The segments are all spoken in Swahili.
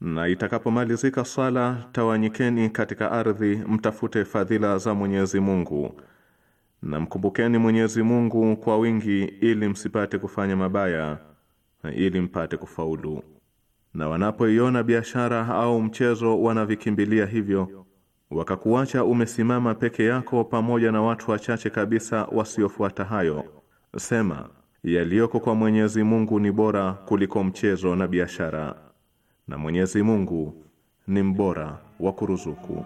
na itakapomalizika swala tawanyikeni katika ardhi mtafute fadhila za Mwenyezi Mungu na mkumbukeni Mwenyezi Mungu kwa wingi ili msipate kufanya mabaya na ili mpate kufaulu. Na wanapoiona biashara au mchezo wanavikimbilia hivyo, wakakuacha umesimama peke yako pamoja na watu wachache kabisa wasiofuata hayo. Sema, yaliyoko kwa Mwenyezi Mungu ni bora kuliko mchezo na biashara na Mwenyezi Mungu ni mbora wa kuruzuku.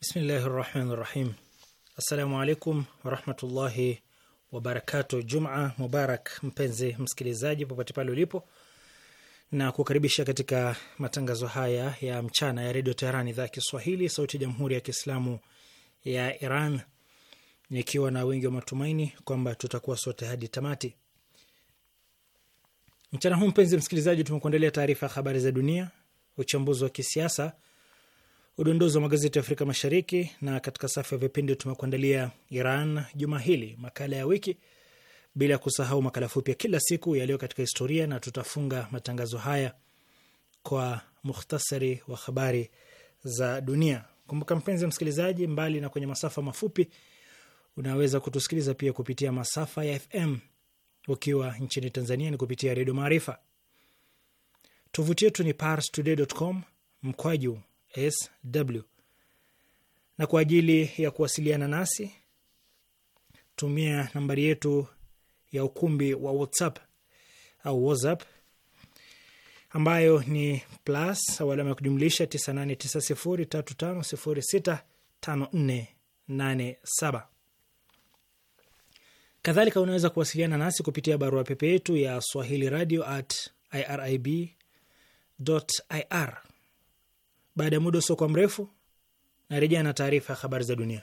Bismillahi rahmani rahim. Assalamu alaikum warahmatullahi wabarakatu. Juma mubarak, mpenzi msikilizaji, popote pale ulipo na kukaribisha katika matangazo haya ya mchana ya redio Teheran, idhaa ya Kiswahili, sauti ya jamhuri ya kiislamu ya Iran, nikiwa na wengi wa matumaini kwamba tutakuwa sote hadi tamati mchana huu. Mpenzi msikilizaji, tumekuandalia taarifa ya habari za dunia, uchambuzi wa kisiasa, udondozi wa magazeti ya Afrika Mashariki, na katika safu ya vipindi tumekuandalia Iran juma hili, makala ya wiki bila ya kusahau makala fupi ya kila siku yaliyo katika historia, na tutafunga matangazo haya kwa mukhtasari wa habari za dunia. Kumbuka mpenzi msikilizaji, mbali na kwenye masafa mafupi, unaweza kutusikiliza pia kupitia masafa ya FM. Ukiwa nchini Tanzania ni kupitia Redio Maarifa. Tovuti yetu ni parstoday.com mkwaju sw, na kwa ajili ya kuwasiliana nasi tumia nambari yetu ya ukumbi wa WhatsApp au WhatsApp ambayo ni plus au alama ya kujumlisha 989035065487. Kadhalika unaweza kuwasiliana nasi kupitia barua pepe yetu ya Swahili radio at irib ir. Baada ya muda usiokuwa mrefu, narejea na taarifa ya habari za dunia.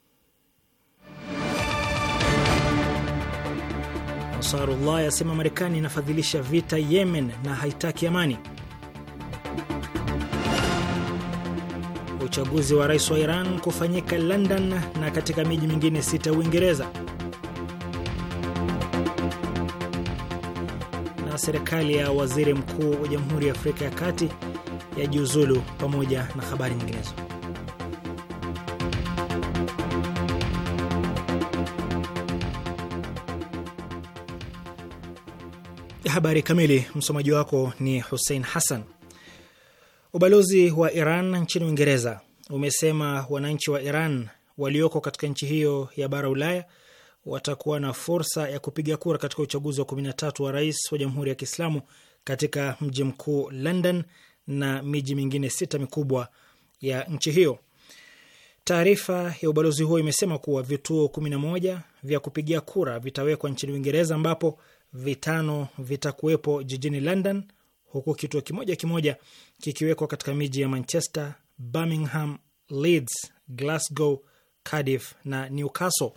Ansarullah yasema Marekani inafadhilisha vita Yemen na haitaki amani. Uchaguzi wa rais wa Iran kufanyika London na katika miji mingine sita Uingereza. Na serikali ya waziri mkuu wa Jamhuri ya Afrika ya Kati yajiuzulu, pamoja na habari nyinginezo. Habari kamili. Msomaji wako ni Hussein Hassan. Ubalozi wa Iran nchini Uingereza umesema wananchi wa Iran walioko katika nchi hiyo ya bara Ulaya watakuwa na fursa ya kupiga kura katika uchaguzi wa 13 wa rais wa Jamhuri ya Kiislamu katika mji mkuu London na miji mingine sita mikubwa ya nchi hiyo. Taarifa ya ubalozi huo imesema kuwa vituo 11 vya kupigia kura vitawekwa nchini Uingereza ambapo vitano vitakuwepo jijini London, huku kituo kimoja kimoja kikiwekwa katika miji ya Manchester, Birmingham, Leeds, Glasgow, Cardiff na Newcastle.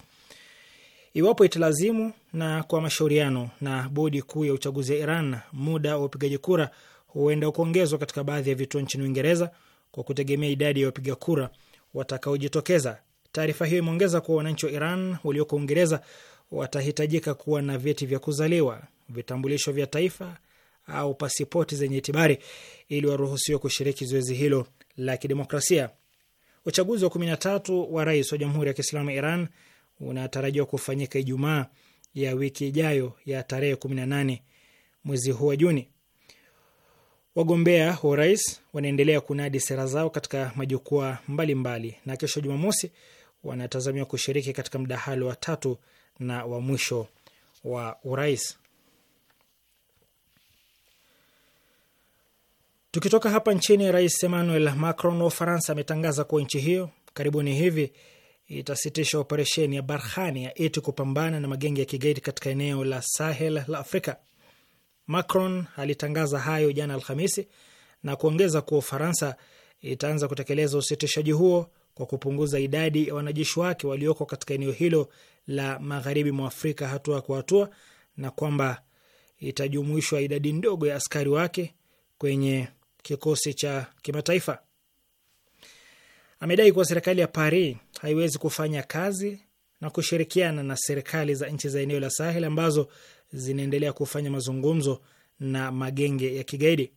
Iwapo italazimu na kwa mashauriano na bodi kuu ya uchaguzi ya Iran, muda wa upigaji kura huenda kuongezwa katika baadhi ya vituo nchini Uingereza kwa kutegemea idadi ya wapiga kura watakaojitokeza. Taarifa hiyo imeongeza kuwa wananchi wa Iran walioko Uingereza watahitajika kuwa na vyeti vya kuzaliwa, vitambulisho vya taifa au pasipoti zenye itibari ili waruhusiwe kushiriki zoezi hilo la kidemokrasia. Uchaguzi wa kumi na tatu wa rais wa Jamhuri ya Kiislamu ya Iran unatarajiwa kufanyika Ijumaa ya wiki ijayo ya tarehe nane mwezi huu wa Juni. Wagombea wa urais wanaendelea kunadi sera zao katika majukwaa mbalimbali, na kesho Jumamosi wanatazamiwa kushiriki katika mdahalo wa tatu na wa mwisho wa urais. Tukitoka hapa nchini, Rais Emmanuel Macron wa Ufaransa ametangaza kuwa nchi hiyo karibuni hivi itasitisha operesheni ya barhani ya eti kupambana na magenge ya kigaidi katika eneo la Sahel la Afrika. Macron alitangaza hayo jana Alhamisi na kuongeza kuwa Ufaransa itaanza kutekeleza usitishaji huo kwa kupunguza idadi ya wanajeshi wake walioko katika eneo hilo la magharibi mwa Afrika hatua kwa hatua na kwamba itajumuishwa idadi ndogo ya askari wake kwenye kikosi cha kimataifa. Amedai kuwa serikali ya Paris haiwezi kufanya kazi na kushirikiana na serikali za nchi za eneo la Sahel ambazo zinaendelea kufanya mazungumzo na magenge ya kigaidi.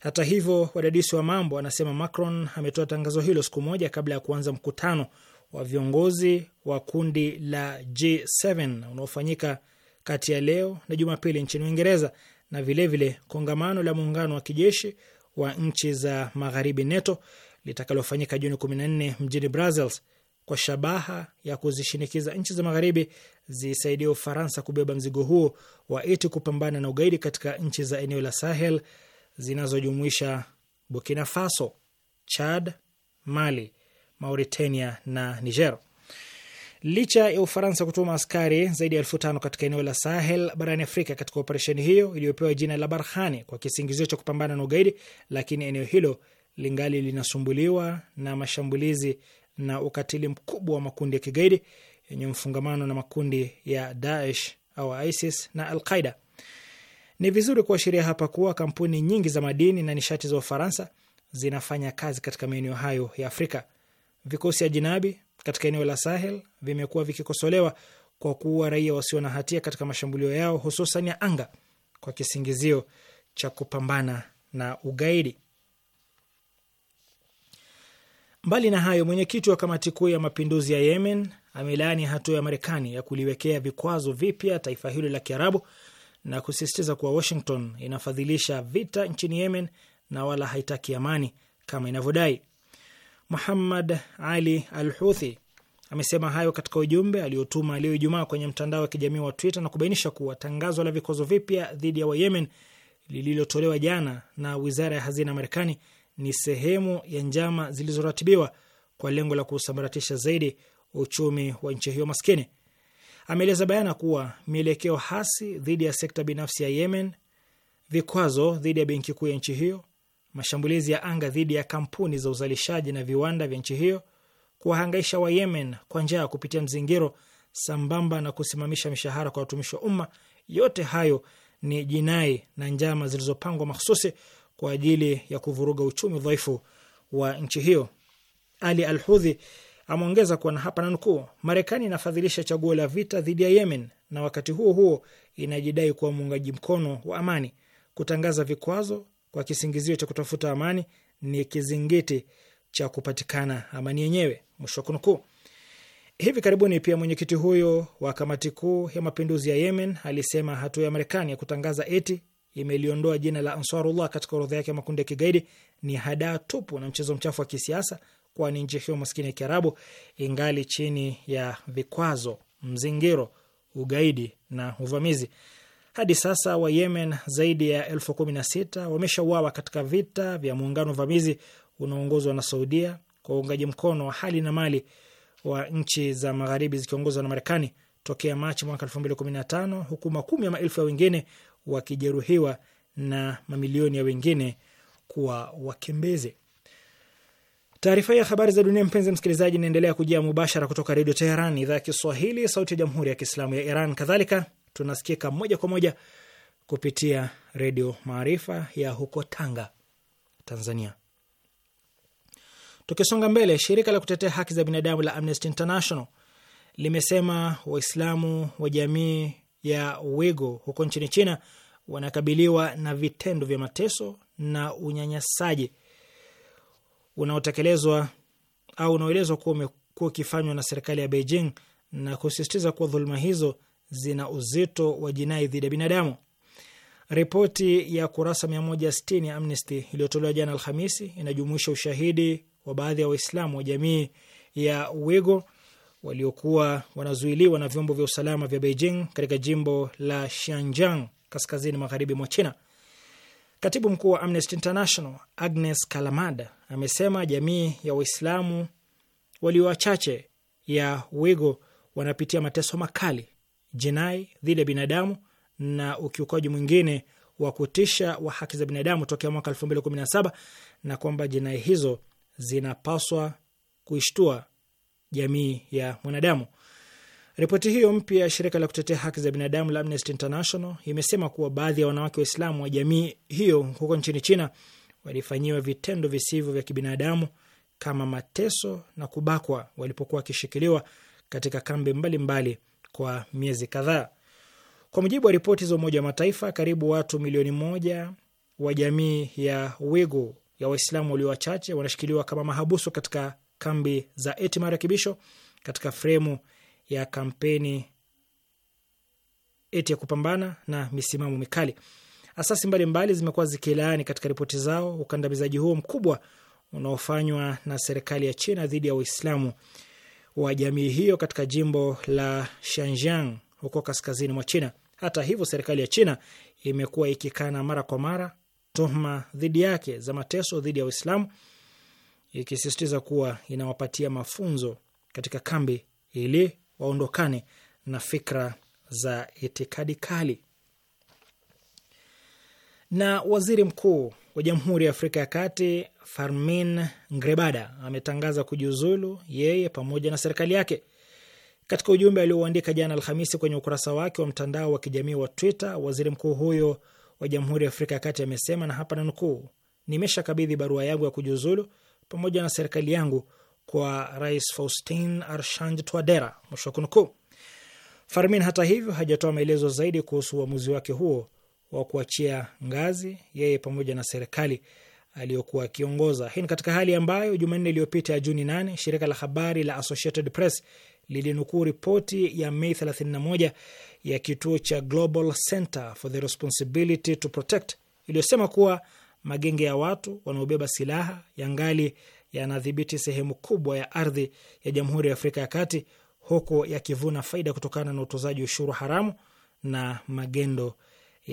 Hata hivyo, wadadisi wa mambo anasema Macron ametoa tangazo hilo siku moja kabla ya kuanza mkutano wa viongozi wa kundi la G7 unaofanyika kati ya leo na Jumapili nchini Uingereza na vilevile vile kongamano la muungano wa kijeshi wa nchi za magharibi NATO litakalofanyika Juni 14 mjini Brussels kwa shabaha ya kuzishinikiza nchi za magharibi zisaidie Ufaransa kubeba mzigo huo wa eti kupambana na ugaidi katika nchi za eneo la Sahel zinazojumuisha Burkina Faso, Chad, Mali, Mauritania na Niger. Licha ya Ufaransa kutuma askari zaidi ya elfu tano katika eneo la Sahel barani Afrika katika operesheni hiyo iliyopewa jina la Barhani kwa kisingizio cha kupambana na ugaidi, lakini eneo hilo lingali linasumbuliwa na mashambulizi na ukatili mkubwa wa makundi ya kigaidi yenye mfungamano na makundi ya Daesh au ISIS na Al Qaida. Ni vizuri kuashiria hapa kuwa kampuni nyingi za madini na nishati za Ufaransa zinafanya kazi katika maeneo hayo ya Afrika. Vikosi ajinabi katika eneo la Sahel vimekuwa vikikosolewa kwa kuua raia wasio na hatia katika mashambulio yao hususan ya anga kwa kisingizio cha kupambana na ugaidi. Mbali na hayo, mwenyekiti wa kamati kuu ya mapinduzi ya Yemen amelaani hatua ya Marekani ya kuliwekea vikwazo vipya taifa hilo la Kiarabu na kusisitiza kuwa Washington inafadhilisha vita nchini Yemen na wala haitaki amani kama inavyodai. Muhammad Ali Al Huthi amesema hayo katika ujumbe aliotuma leo Ijumaa kwenye mtandao wa kijamii wa Twitter na kubainisha kuwa tangazo la vikwazo vipya dhidi ya Wayemen lililotolewa jana na wizara ya hazina ya Marekani ni sehemu ya njama zilizoratibiwa kwa lengo la kusambaratisha zaidi uchumi wa nchi hiyo maskini. Ameeleza bayana kuwa mielekeo hasi dhidi ya sekta binafsi ya Yemen, vikwazo dhidi ya benki kuu ya nchi hiyo, mashambulizi ya anga dhidi ya kampuni za uzalishaji na viwanda vya nchi hiyo, kuwahangaisha wa Yemen kwa ya kupitia mzingiro sambamba na kusimamisha mishahara kwa watumishi wa umma. Yote hayo ni jinai na njama zilizopangwa mahsusi kwa ajili ya kuvuruga uchumi dhaifu wa nchi hiyo. Ali Al Hudhi ameongeza kuwa na hapa nanukuu, Marekani inafadhilisha chaguo la vita dhidi ya Yemen na wakati huo huo inajidai kuwa muungaji mkono wa amani. Kutangaza vikwazo kwa kisingizio cha kutafuta amani ni kizingiti cha kupatikana amani yenyewe, mwisho wa kunukuu. Hivi karibuni pia mwenyekiti huyo wa kamati kuu ya mapinduzi ya Yemen alisema hatua ya Marekani ya kutangaza eti imeliondoa jina la Ansarullah katika orodha yake ya makundi ya kigaidi ni hadaa tupu na mchezo mchafu wa kisiasa, kwani nchi hiyo maskini ya Kiarabu ingali chini ya vikwazo, mzingiro, ugaidi na uvamizi. Hadi sasa wa Yemen zaidi ya elfu kumi na sita wameshauawa katika vita vya muungano vamizi unaoongozwa na Saudia kwa uungaji mkono wa hali na mali wa nchi za magharibi zikiongozwa na Marekani tokea Machi mwaka elfu mbili kumi na tano huku makumi ya maelfu ya wengine wakijeruhiwa na mamilioni ya wengine kuwa wakimbizi. Taarifa ya habari za dunia, mpenzi msikilizaji, inaendelea kujia mubashara kutoka Redio Teheran, idhaa ya Kiswahili, sauti ya jamhuri ya kiislamu ya Iran. Kadhalika tunasikika moja kwa moja kupitia Redio Maarifa ya huko Tanga, Tanzania. Tukisonga mbele, shirika la kutetea haki za binadamu la Amnesty International limesema Waislamu wa jamii ya Wigo huko nchini China wanakabiliwa na vitendo vya mateso na unyanyasaji unaotekelezwa au unaoelezwa kuwa umekuwa ukifanywa na serikali ya Beijing na kusisitiza kuwa dhuluma hizo zina uzito wa jinai dhidi ya binadamu. Ripoti ya kurasa 160 ya Amnesty iliyotolewa jana Alhamisi inajumuisha ushahidi wa baadhi ya Waislamu wa jamii ya Wigo waliokuwa wanazuiliwa na vyombo vya usalama vya Beijing katika jimbo la Xinjiang kaskazini magharibi mwa China. Katibu mkuu wa Amnesty International Agnes Kalamada amesema jamii ya Waislamu walio wachache ya Wigo wanapitia mateso makali jinai dhidi ya binadamu na ukiukaji mwingine wa kutisha wa haki za binadamu tokea mwaka 2017 na kwamba jinai hizo zinapaswa kuishtua jamii ya mwanadamu. Ripoti hiyo mpya ya shirika la kutetea haki za binadamu la Amnesty International imesema kuwa baadhi ya wanawake Waislamu wa jamii hiyo huko nchini China walifanyiwa vitendo visivyo vya kibinadamu kama mateso na kubakwa walipokuwa wakishikiliwa katika kambi mbalimbali mbali kwa miezi kadhaa. Kwa mujibu wa ripoti za Umoja wa Mataifa, karibu watu milioni moja wa jamii ya wigu ya Waislamu walio wachache wanashikiliwa kama mahabusu katika kambi za eti marekebisho katika fremu ya kampeni eti ya kupambana na misimamo mikali. Asasi mbalimbali zimekuwa zikilaani katika ripoti zao ukandamizaji huo mkubwa unaofanywa na serikali ya China dhidi ya Waislamu wa jamii hiyo katika jimbo la Xinjiang huko kaskazini mwa China. Hata hivyo, serikali ya China imekuwa ikikana mara kwa mara tuhuma dhidi yake za mateso dhidi ya Waislamu, ikisisitiza kuwa inawapatia mafunzo katika kambi ili waondokane na fikra za itikadi kali. Na waziri mkuu wa Jamhuri ya Afrika ya Kati Farmin Ngrebada ametangaza kujiuzulu yeye pamoja na serikali yake. Katika ujumbe aliouandika jana Alhamisi kwenye ukurasa wake wa mtandao wa kijamii wa Twitter, waziri mkuu huyo wa Jamhuri ya Afrika ya Kati amesema, na hapa nanukuu, nimeshakabidhi barua yangu ya kujiuzulu pamoja na serikali yangu kwa Rais Faustin Archange Touadera, mwisho wa kunukuu. Farmin hata hivyo hajatoa maelezo zaidi kuhusu uamuzi wake huo wa kuachia ngazi yeye pamoja na serikali aliyokuwa akiongoza. Hii ni katika hali ambayo Jumanne iliyopita ya Juni 8 shirika la habari la Associated Press lilinukuu ripoti ya Mei 31 ya kituo cha Global Center for the Responsibility to Protect iliyosema kuwa magenge ya watu wanaobeba silaha yangali yanadhibiti sehemu kubwa ya ardhi ya Jamhuri ya Afrika ya Kati, huku yakivuna faida kutokana na utozaji ushuru haramu na magendo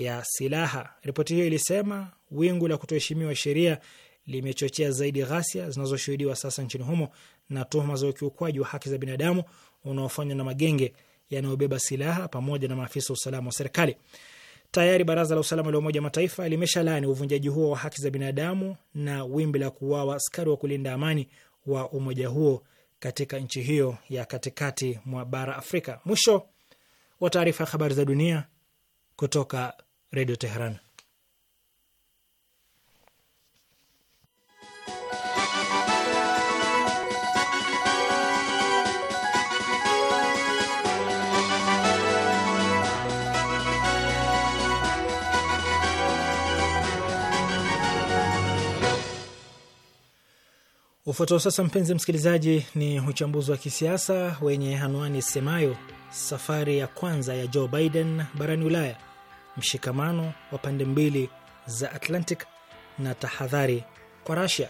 ya silaha. Ripoti hiyo ilisema wingu la kutoheshimiwa sheria limechochea zaidi ghasia zinazoshuhudiwa sasa nchini humo na tuhuma za ukiukwaji wa haki za binadamu unaofanywa na magenge yanayobeba silaha pamoja na maafisa wa usalama wa serikali. Tayari baraza la usalama la Umoja Mataifa limesha limeshalaani uvunjaji huo wa haki za binadamu na wimbi la kuuawa askari wa kulinda amani wa umoja huo katika nchi hiyo ya katikati mwa bara Afrika. Mwisho wa taarifa ya habari za dunia kutoka Redio Teheran. Ufuatao sasa, mpenzi msikilizaji, ni uchambuzi wa kisiasa wenye anwani semayo safari ya kwanza ya Joe Biden barani Ulaya mshikamano wa pande mbili za Atlantic na tahadhari kwa Russia.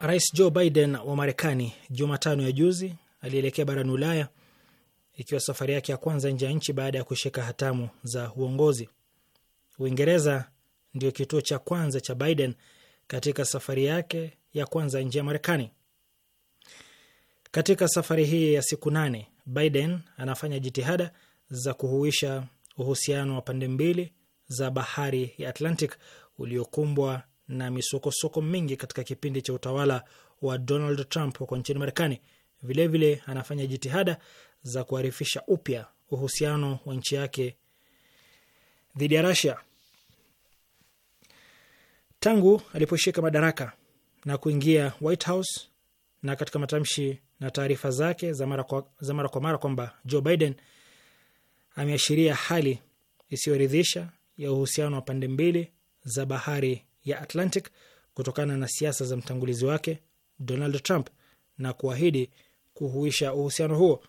Rais Joe Biden wa Marekani Jumatano ya juzi alielekea barani Ulaya ikiwa safari yake ya kwanza nje ya nchi baada ya kushika hatamu za uongozi. Uingereza ndio kituo cha kwanza cha Biden katika safari yake ya kwanza nje ya Marekani. Katika safari hii ya siku nane, Biden anafanya jitihada za kuhuisha uhusiano wa pande mbili za bahari ya Atlantic uliokumbwa na misokosoko mingi katika kipindi cha utawala wa Donald Trump huko nchini Marekani. Vilevile anafanya jitihada za kuharifisha upya uhusiano wa nchi yake dhidi ya Rasia. Tangu aliposhika madaraka, na kuingia White House, na katika matamshi na taarifa zake za mara kwa, za mara kwa mara kwamba Joe Biden ameashiria hali isiyoridhisha ya uhusiano wa pande mbili za bahari ya Atlantic kutokana na siasa za mtangulizi wake Donald Trump na kuahidi kuhuisha uhusiano huo.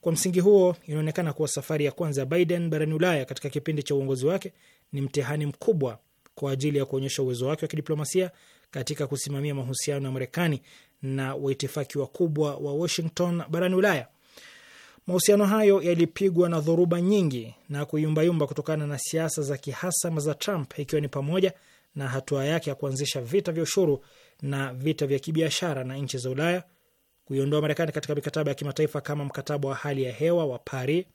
Kwa msingi huo, inaonekana kuwa safari ya kwanza ya Biden barani Ulaya katika kipindi cha uongozi wake ni mtihani mkubwa kwa ajili ya kuonyesha uwezo wake wa kidiplomasia katika kusimamia mahusiano ya Marekani na waitifaki wakubwa wa Washington barani Ulaya. Mahusiano hayo yalipigwa na dhoruba nyingi na kuyumbayumba kutokana na siasa za kihasama za Trump, ikiwa ni pamoja na hatua yake ya kuanzisha vita vya ushuru na vita vya kibiashara na nchi za Ulaya, kuiondoa Marekani katika mikataba ya kimataifa kama mkataba wa hali ya hewa wa Paris,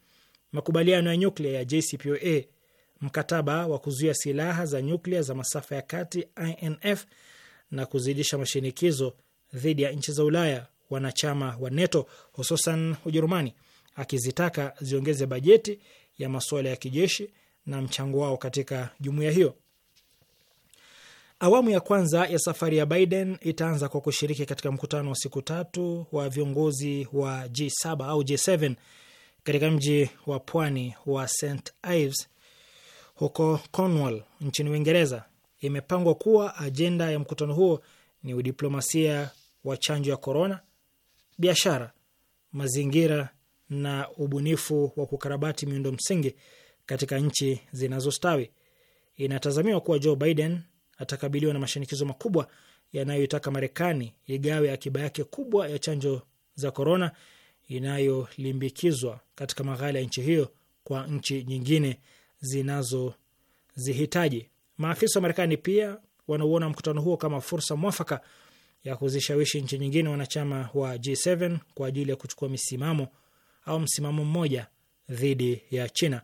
makubaliano ya nyuklia ya JCPOA, mkataba wa kuzuia silaha za nyuklia za masafa ya kati INF na kuzidisha mashinikizo dhidi ya nchi za Ulaya wanachama wa NATO hususan Ujerumani, akizitaka ziongeze bajeti ya masuala ya kijeshi na mchango wao katika jumuiya hiyo. Awamu ya kwanza ya safari ya Biden itaanza kwa kushiriki katika mkutano wa siku tatu wa viongozi wa G7 au G7 katika mji wa pwani wa St Ives huko Cornwall nchini Uingereza imepangwa kuwa ajenda ya mkutano huo ni udiplomasia wa chanjo ya korona, biashara, mazingira na ubunifu wa kukarabati miundo msingi katika nchi zinazostawi. Inatazamiwa kuwa Joe Biden atakabiliwa na mashinikizo makubwa yanayoitaka Marekani igawe akiba yake kubwa ya chanjo za korona inayolimbikizwa katika maghala ya nchi hiyo kwa nchi nyingine zinazozihitaji. Maafisa wa Marekani pia wanauona mkutano huo kama fursa mwafaka ya kuzishawishi nchi nyingine wanachama wa G7 kwa ajili ya kuchukua misimamo au msimamo mmoja dhidi ya China.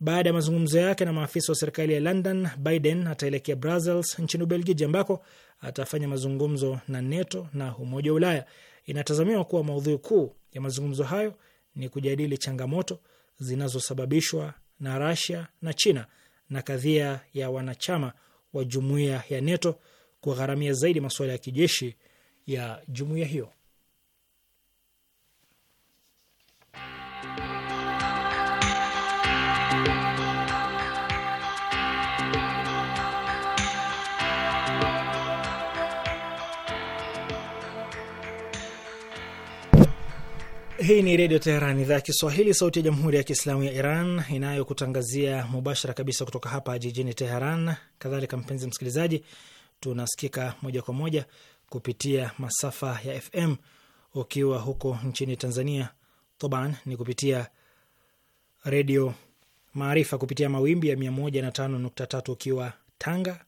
Baada ya mazungumzo yake na maafisa wa serikali ya London, Biden ataelekea Brussels nchini Ubelgiji, ambako atafanya mazungumzo na NATO na Umoja wa Ulaya. Inatazamiwa kuwa maudhui kuu ya mazungumzo hayo ni kujadili changamoto zinazosababishwa na Russia na China na kadhia ya wanachama wa jumuiya ya NATO kugharamia zaidi masuala ya kijeshi ya jumuiya hiyo. Hii ni Redio Teheran, idhaa ya Kiswahili, sauti ya Jamhuri ya Kiislamu ya Iran, inayokutangazia mubashara kabisa kutoka hapa jijini Teheran. Kadhalika mpenzi msikilizaji, tunasikika moja kwa moja kupitia masafa ya FM ukiwa huko nchini Tanzania toban ni kupitia Redio Maarifa kupitia mawimbi ya 105.3 ukiwa Tanga,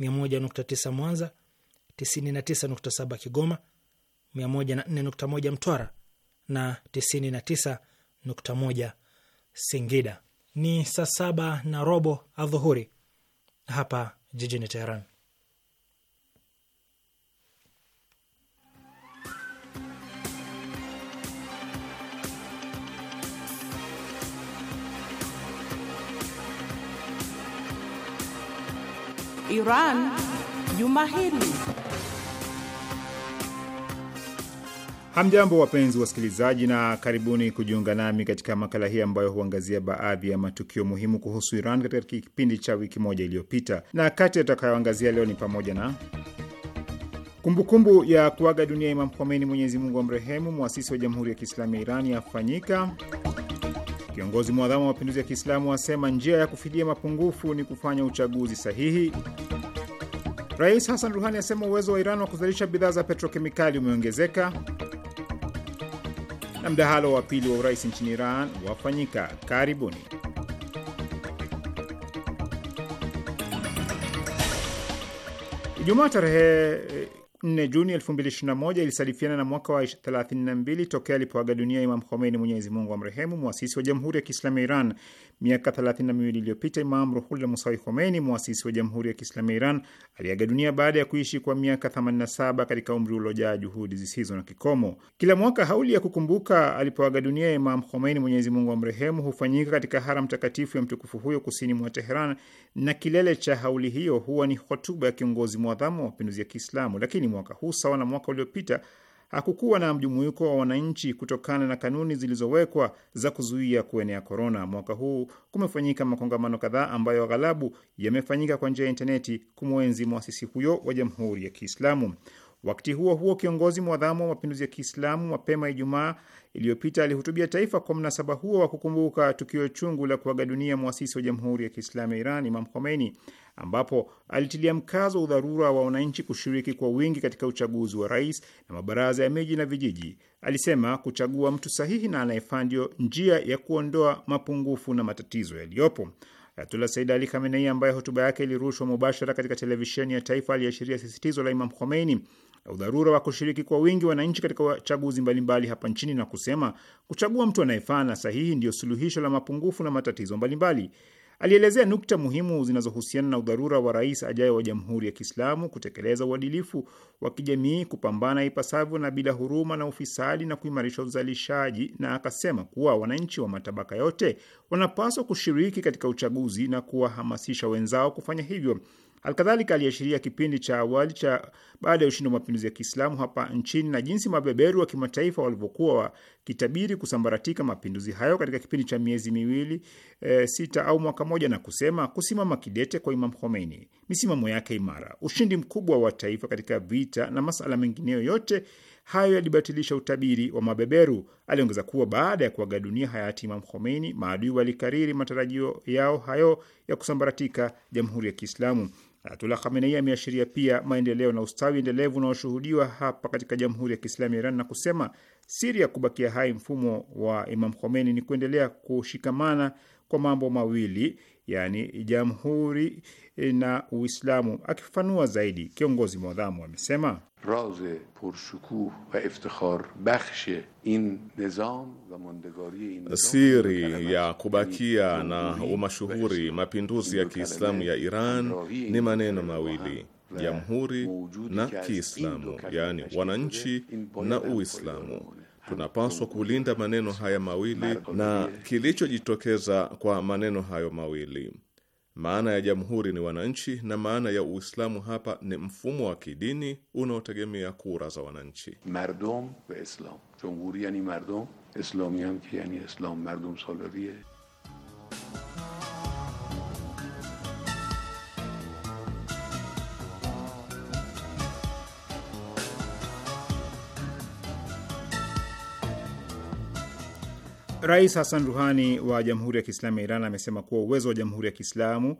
101.9 Mwanza, 99.7 Kigoma, 104.1 Mtwara na 99.1 Singida. Ni saa saba na robo adhuhuri hapa jijini Teheran. Iran Juma hili Hamjambo, wapenzi wasikilizaji, na karibuni kujiunga nami katika makala hii ambayo huangazia baadhi ya matukio muhimu kuhusu Iran katika kipindi cha wiki moja iliyopita, na kati atakayoangazia leo ni pamoja na kumbukumbu kumbu ya kuaga dunia Imam Khomeini, Mwenyezi Mungu amrehemu, mwasisi wa Jamhuri ya Kiislamu ya Iran yafanyika. Kiongozi mwadhamu wa mapinduzi ya Kiislamu asema njia ya kufidia mapungufu ni kufanya uchaguzi sahihi. Rais Hassan Ruhani asema uwezo wa Iran wa kuzalisha bidhaa za petrokemikali umeongezeka na mdahalo wa pili wa urais nchini Iran wafanyika. Karibuni. Ijumaa tarehe 4 eh, Juni 2021 ilisadifiana na mwaka wa 32 tokea alipoaga dunia Imam Khomeini, Mwenyezi Mungu mrehemu mwasisi wa Jamhuri ya Kiislamu ya Iran. Miaka thelathini na miwili iliyopita Imam Ruhullah Musawi Khomeini, mwasisi wa Jamhuri ya Kiislamu ya Iran, aliaga dunia baada ya kuishi kwa miaka 87 katika umri uliojaa juhudi zisizo na kikomo. Kila mwaka hauli ya kukumbuka alipoaga dunia ya Imam Khomeini, Mwenyezi Mungu amrehemu, hufanyika katika haram takatifu ya mtukufu huyo kusini mwa Teheran, na kilele cha hauli hiyo huwa ni hotuba ya kiongozi mwadhamu wa mapinduzi ya Kiislamu. Lakini mwaka huu sawa na mwaka uliopita hakukuwa na mjumuiko wa wananchi kutokana na kanuni zilizowekwa za kuzuia kuenea korona. Mwaka huu kumefanyika makongamano kadhaa ambayo aghalabu yamefanyika kwa njia ya intaneti kumwenzi mwasisi huyo wa Jamhuri ya Kiislamu. Wakati huo huo, kiongozi mwadhamu wa mapinduzi ya Kiislamu mapema Ijumaa iliyopita alihutubia taifa kwa mnasaba huo wa kukumbuka tukio chungu la kuaga dunia mwasisi wa Jamhuri ya Kiislamu ya Iran, Imam Khomeini, ambapo alitilia mkazo wa udharura wa wananchi kushiriki kwa wingi katika uchaguzi wa rais na mabaraza ya miji na vijiji. Alisema kuchagua mtu sahihi na anayefaa ndio njia ya kuondoa mapungufu na matatizo yaliyopo. Ayatullah Said Ali Khamenei, ambaye hotuba yake ilirushwa mubashara katika televisheni ya taifa, aliashiria sisitizo la Imam Khomeini na udharura wa kushiriki kwa wingi wananchi katika chaguzi mbalimbali hapa nchini na kusema kuchagua mtu anayefaa na sahihi ndiyo suluhisho la mapungufu na matatizo mbalimbali. Alielezea nukta muhimu zinazohusiana na udharura wa rais ajayo wa Jamhuri ya Kiislamu kutekeleza uadilifu wa kijamii, kupambana ipasavyo na bila huruma na ufisadi na kuimarisha uzalishaji, na akasema kuwa wananchi wa matabaka yote wanapaswa kushiriki katika uchaguzi na kuwahamasisha wenzao kufanya hivyo. Alkadhalika aliashiria kipindi cha awali cha baada ya ushindi wa mapinduzi ya Kiislamu hapa nchini na jinsi mabeberu wa kimataifa walivyokuwa wakitabiri kusambaratika mapinduzi hayo katika kipindi cha miezi miwili e, sita au mwaka moja, na kusema kusimama kidete kwa Imam Khomeini, misimamo yake imara, ushindi mkubwa wa taifa katika vita na masala mengineyo, yote hayo yalibatilisha utabiri wa mabeberu. Aliongeza kuwa baada ya kuaga dunia hayati Imam Khomeini, maadui walikariri matarajio yao hayo ya kusambaratika jamhuri ya Kiislamu. Ayatullah Khamenei ameashiria pia maendeleo na ustawi endelevu unaoshuhudiwa hapa katika Jamhuri ya Kiislamu ya Iran na kusema siri ya kubakia hai mfumo wa Imam Khomeini ni kuendelea kushikamana kwa mambo mawili, yani jamhuri Eh, na Uislamu. Akifafanua zaidi, kiongozi mwadhamu amesema raze purshukuh iftikhar in nizam mondegari in nizam, siri ya kubakia na umashuhuri mapinduzi ya Kiislamu ya Iran ni maneno mawili jamhuri na Kiislamu, yaani wananchi na Uislamu. Tunapaswa kulinda maneno haya mawili na kilichojitokeza kwa maneno hayo mawili maana ya jamhuri ni wananchi, na maana ya Uislamu hapa ni mfumo wa kidini unaotegemea kura za wananchi. mardom wa islam yani mardom islami yani islam mardom Rais Hassan Ruhani wa Jamhuri ya Kiislamu ya Iran amesema kuwa uwezo wa Jamhuri ya Kiislamu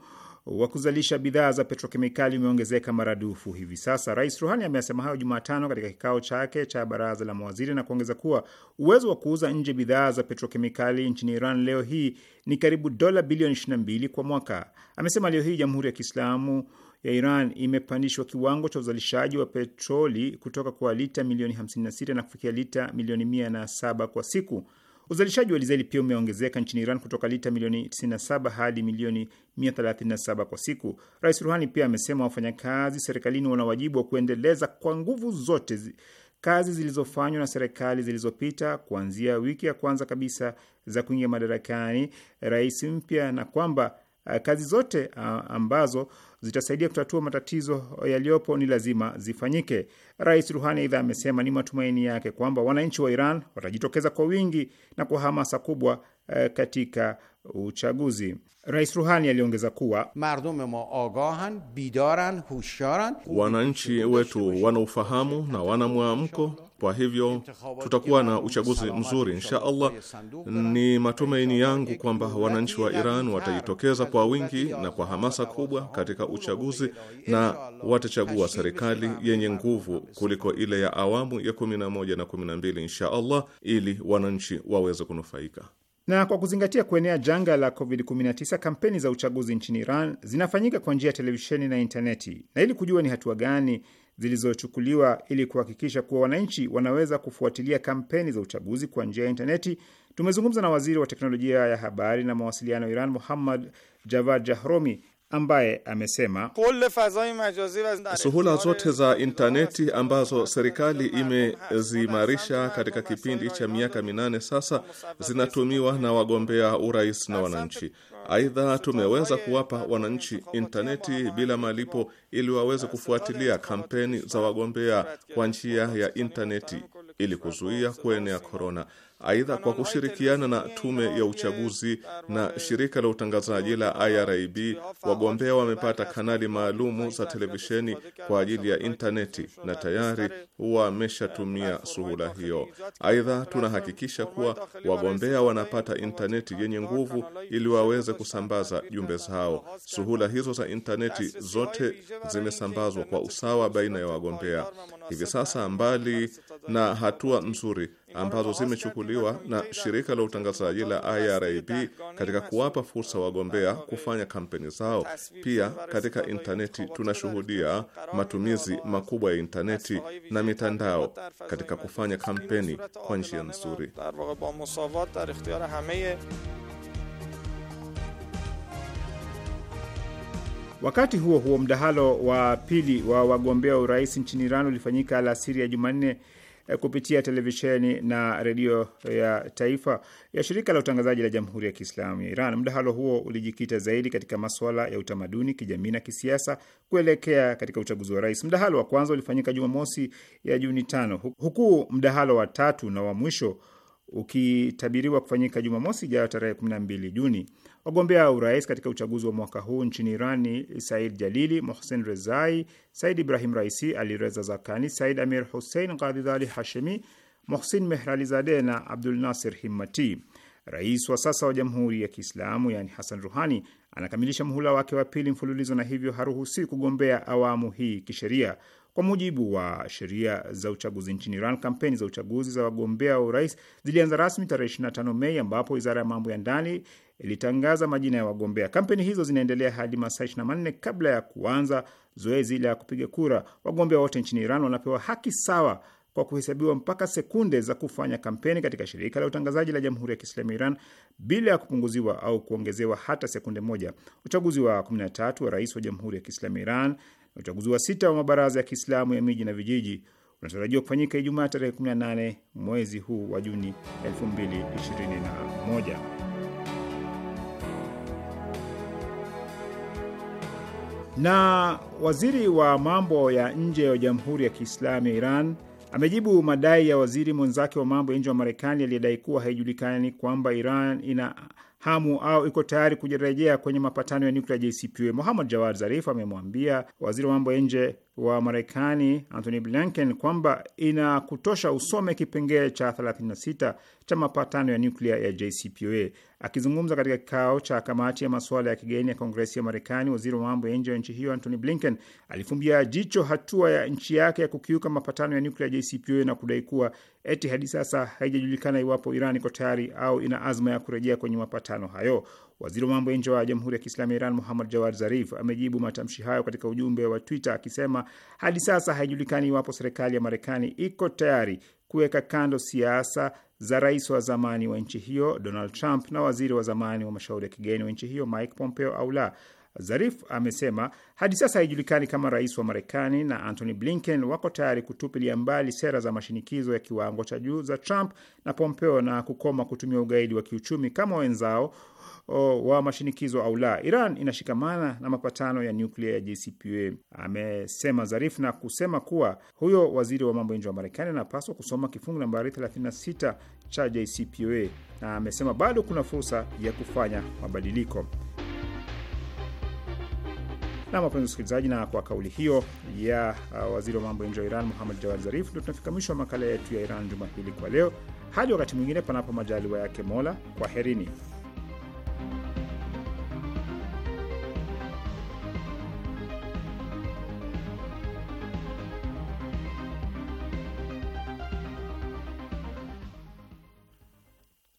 wa kuzalisha bidhaa za petrokemikali umeongezeka maradufu hivi sasa. Rais Ruhani ameasema hayo Jumatano katika kikao chake cha baraza la mawaziri na kuongeza kuwa uwezo wa kuuza nje bidhaa za petrokemikali nchini Iran leo hii ni karibu dola bilioni 22 kwa mwaka. Amesema leo hii Jamhuri ya Kiislamu ya Iran imepandishwa kiwango cha uzalishaji wa petroli kutoka kwa lita milioni 56 na kufikia lita milioni 107 kwa siku. Uzalishaji wa dizeli pia umeongezeka nchini Iran kutoka lita milioni 97 hadi milioni 137 kwa siku. Rais Ruhani pia amesema wafanyakazi serikalini wana wajibu wa kuendeleza kwa nguvu zote zi kazi zilizofanywa na serikali zilizopita kuanzia wiki ya kwanza kabisa za kuingia madarakani rais mpya, na kwamba eh, kazi zote ah, ambazo zitasaidia kutatua matatizo yaliyopo ni lazima zifanyike. Rais Ruhani aidha amesema ni matumaini yake kwamba wananchi wa Iran watajitokeza kwa wingi na kwa hamasa kubwa eh, katika uchaguzi. Rais Ruhani aliongeza kuwa wananchi wetu wana ufahamu na wana mwamko kwa hivyo tutakuwa na uchaguzi mzuri insha Allah. Ni matumaini yangu kwamba wananchi wa Iran watajitokeza kwa wingi na kwa hamasa kubwa katika uchaguzi na watachagua serikali yenye nguvu kuliko ile ya awamu ya 11 na 12 insha Allah, ili wananchi waweze kunufaika. Na kwa kuzingatia kuenea janga la COVID-19, kampeni za uchaguzi nchini Iran zinafanyika kwa njia ya televisheni na intaneti, na ili kujua ni hatua gani zilizochukuliwa ili kuhakikisha kuwa wananchi wanaweza kufuatilia kampeni za uchaguzi kwa njia ya intaneti. Tumezungumza na waziri wa teknolojia ya habari na mawasiliano Iran, Muhammad Javad Jahromi ambaye amesema suhula zote za intaneti ambazo serikali imeziimarisha katika kipindi cha miaka minane sasa zinatumiwa na wagombea urais na wananchi. Aidha, tumeweza kuwapa wananchi intaneti bila malipo ili waweze kufuatilia kampeni za wagombea kwa njia ya intaneti ili kuzuia kuenea korona. Aidha, kwa kushirikiana na tume ya uchaguzi na shirika la utangazaji la IRIB, wagombea wamepata kanali maalumu za televisheni kwa ajili ya intaneti na tayari wameshatumia suhula hiyo. Aidha, tunahakikisha kuwa wagombea wanapata intaneti yenye nguvu ili waweze kusambaza jumbe zao. Suhula hizo za intaneti zote zimesambazwa kwa usawa baina ya wagombea. Hivi sasa, mbali na hatua nzuri ambazo zimechukuliwa na shirika la utangazaji la IRIB katika kuwapa fursa wagombea kufanya kampeni zao. Pia katika intaneti tunashuhudia matumizi makubwa ya intaneti na mitandao katika kufanya kampeni kwa njia nzuri. Wakati huo huo, mdahalo wa pili wa wagombea urais nchini Iran ulifanyika alasiri ya Jumanne Eh, kupitia televisheni na redio ya taifa ya shirika la utangazaji la Jamhuri ya Kiislamu ya Iran. Mdahalo huo ulijikita zaidi katika maswala ya utamaduni, kijamii na kisiasa kuelekea katika uchaguzi wa rais. Mdahalo wa kwanza ulifanyika Jumamosi ya Juni tano, huku mdahalo wa tatu na wa mwisho ukitabiriwa kufanyika Jumamosi ijayo tarehe 12 Juni. Wagombea wa urais katika uchaguzi wa mwaka huu nchini Iran ni Said Jalili, Mohsen Rezai, Said Ibrahim Raisi, Ali Reza Zakani, Said Amir Hussein Qadhidhali Hashemi, Mohsin zade na Abdul Nasir Himmati. Rais wa sasa wa Jamhuri ya Kiislamu yani Hassan Ruhani anakamilisha muhula wake wa pili mfululizo na hivyo haruhusiwi kugombea awamu hii kisheria. Kwa mujibu wa sheria za uchaguzi nchini Iran, kampeni za uchaguzi za wagombea wa urais zilianza rasmi tarehe 25 Mei, ambapo wizara ya mambo ya ndani ilitangaza majina ya wagombea. Kampeni hizo zinaendelea hadi masaa 24 kabla ya kuanza zoezi la kupiga kura. Wagombea wote nchini Iran wanapewa haki sawa kwa kuhesabiwa mpaka sekunde za kufanya kampeni katika shirika la utangazaji la Jamhuri ya Kiislamu ya Iran bila ya kupunguziwa au kuongezewa hata sekunde moja. Uchaguzi wa 13 wa rais wa Jamhuri ya Kiislamu ya Iran na uchaguzi wa sita wa mabaraza ya Kiislamu ya miji na vijiji unatarajiwa kufanyika Ijumaa tarehe 18 mwezi huu wa Juni 2021. na waziri wa mambo ya nje wa Jamhuri ya Kiislamu ya Iran amejibu madai ya waziri mwenzake wa mambo ya nje wa Marekani aliyedai kuwa haijulikani kwamba Iran ina hamu au iko tayari kujirejea kwenye mapatano ya nuklia JCPOA. Muhammad Jawad Zarif amemwambia waziri wa mambo ya nje wa Marekani Antony Blinken kwamba ina kutosha usome kipengele cha 36 cha mapatano ya nuklia ya JCPOA. Akizungumza katika kikao cha kamati ya masuala ya kigeni ya Kongresi ya Marekani, waziri wa mambo ya nje wa nchi hiyo Antony Blinken alifumbia jicho hatua ya nchi yake ya kukiuka mapatano ya nuklia JCPOA na kudai kuwa eti hadi sasa haijajulikana iwapo Iran iko tayari au ina azma ya kurejea kwenye mapatano hayo. Waziri wa mambo ya nje wa Jamhuri ya Kiislamu ya Iran Muhammad Jawad Zarif amejibu matamshi hayo katika ujumbe wa Twitter akisema hadi sasa haijulikani iwapo serikali ya Marekani iko tayari kuweka kando siasa za rais wa zamani wa nchi hiyo Donald Trump na waziri wa zamani wa mashauri ya kigeni wa nchi hiyo Mike Pompeo au la. Zarif amesema hadi sasa haijulikani kama rais wa Marekani na Antony Blinken wako tayari kutupilia mbali sera za mashinikizo ya kiwango cha juu za Trump na Pompeo na kukoma kutumia ugaidi wa kiuchumi kama wenzao O, wa mashinikizo au la. Iran inashikamana na mapatano ya nyuklia ya JCPOA, amesema Zarif na kusema kuwa huyo waziri wa mambo ya nje wa Marekani anapaswa kusoma kifungu nambari 36 cha JCPOA, na amesema bado kuna fursa ya kufanya mabadiliko. Na mapenzi msikilizaji, na kwa kauli hiyo ya uh, waziri wa mambo ya nje wa Iran Muhammad Jawad Zarif, ndio tunafika mwisho wa makala yetu ya Iran juma hili kwa leo. Hadi wakati mwingine, panapo majaliwa yake Mola, kwaherini.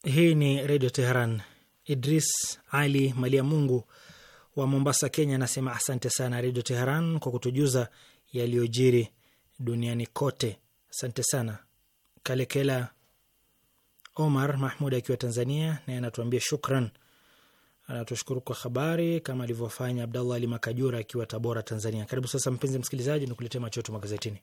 Hii ni Redio Teheran. Idris Ali Malia Mungu wa Mombasa, Kenya, anasema asante sana Redio Teheran kwa kutujuza yaliyojiri duniani kote. Asante sana. Kalekela Omar Mahmud akiwa Tanzania naye anatuambia shukran, anatushukuru kwa habari kama alivyofanya Abdallah Ali Makajura akiwa Tabora, Tanzania. Karibu sasa, mpenzi msikilizaji, ni macho yetu magazetini.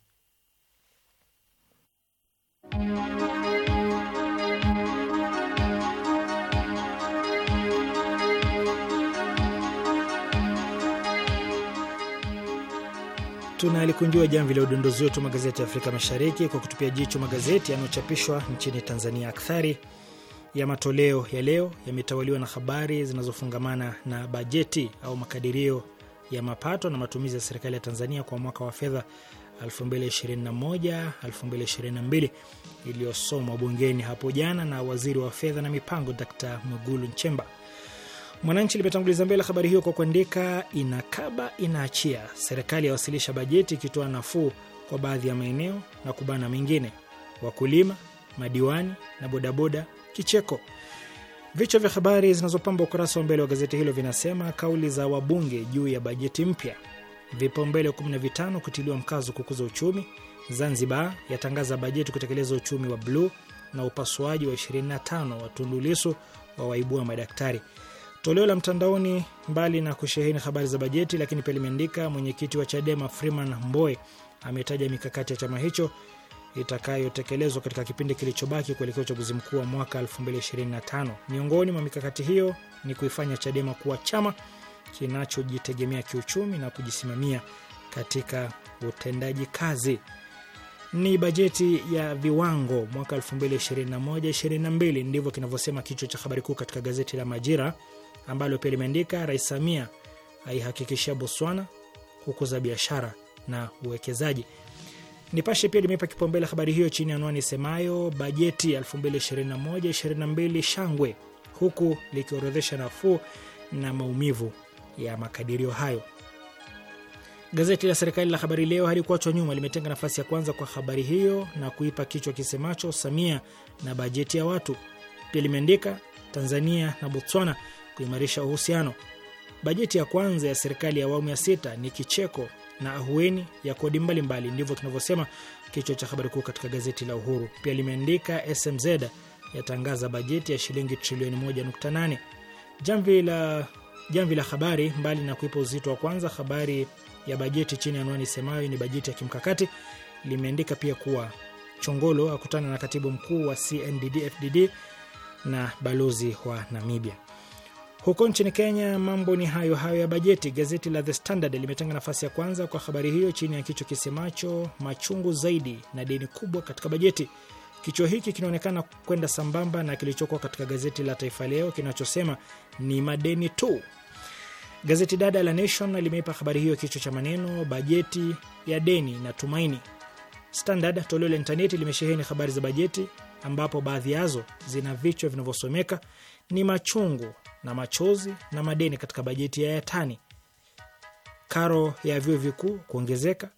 tunalikunjua jamvi la udondozi wetu magazeti ya Afrika Mashariki kwa kutupia jicho magazeti yanayochapishwa nchini Tanzania. Akthari ya matoleo ya leo yametawaliwa na habari zinazofungamana na bajeti au makadirio ya mapato na matumizi ya serikali ya Tanzania kwa mwaka wa fedha 2021 2022 iliyosomwa bungeni hapo jana na waziri wa fedha na mipango dr Mwigulu Nchemba. Mwananchi limetanguliza mbele habari hiyo kwa kuandika, inakaba inaachia, serikali yawasilisha bajeti ikitoa nafuu kwa baadhi ya maeneo na kubana mengine, wakulima, madiwani na bodaboda kicheko. Vichwa vya habari zinazopamba ukurasa wa mbele wa gazeti hilo vinasema: kauli za wabunge juu ya bajeti mpya, vipaumbele 15 kutiliwa mkazo kukuza uchumi, Zanzibar yatangaza bajeti kutekeleza uchumi wa bluu, na upasuaji wa 25 wa Tundu wawaibua madaktari. Toleo la mtandaoni, mbali na kusheheni habari za bajeti, lakini pia limeandika mwenyekiti wa Chadema Freeman Mbowe ametaja mikakati ya chama hicho itakayotekelezwa katika kipindi kilichobaki kuelekea uchaguzi mkuu wa mwaka 2025. Miongoni mwa mikakati hiyo ni kuifanya Chadema kuwa chama kinachojitegemea kiuchumi na kujisimamia katika utendaji kazi. Ni bajeti ya viwango mwaka 2021 ndivyo kinavyosema kichwa cha habari kuu katika gazeti la Majira ambalo pia limeandika Rais Samia aihakikishia Botswana kukuza biashara na uwekezaji. Nipashe pia limeipa kipaumbele habari hiyo chini ya anwani isemayo bajeti 2021/22 shangwe, huku likiorodhesha nafuu na maumivu ya makadirio hayo. Gazeti la serikali la Habari Leo halikuachwa nyuma, limetenga nafasi ya kwanza kwa habari hiyo na kuipa kichwa kisemacho Samia na bajeti ya watu. Pia limeandika Tanzania na Botswana kuimarisha uhusiano. Bajeti ya kwanza ya serikali ya awamu ya sita ni kicheko na ahueni ya kodi mbalimbali, ndivyo tunavyosema kichwa cha habari kuu katika gazeti la Uhuru. Pia limeandika SMZ yatangaza bajeti ya shilingi trilioni 1.8. Jamvi la Jamvi la Habari, mbali na kuipa uzito wa kwanza habari ya bajeti chini ya anwani semayo ni bajeti ya kimkakati, limeandika pia kuwa Chongolo akutana na katibu mkuu wa CNDD-FDD na balozi wa Namibia. Huko nchini Kenya mambo ni hayo hayo ya bajeti. Gazeti la The Standard limetenga nafasi ya kwanza kwa habari hiyo chini ya kichwa kisemacho machungu zaidi na deni kubwa katika bajeti. Kichwa hiki kinaonekana kwenda sambamba na kilichokuwa katika gazeti la Taifa Leo kinachosema ni madeni tu. Gazeti dada la Nation limeipa habari hiyo kichwa cha maneno bajeti ya deni na tumaini. Standard toleo la intaneti limesheheni habari za bajeti, ambapo baadhi yazo zina vichwa vinavyosomeka ni machungu na machozi na madeni katika bajeti ya Yatani, karo ya vyuo vikuu kuongezeka,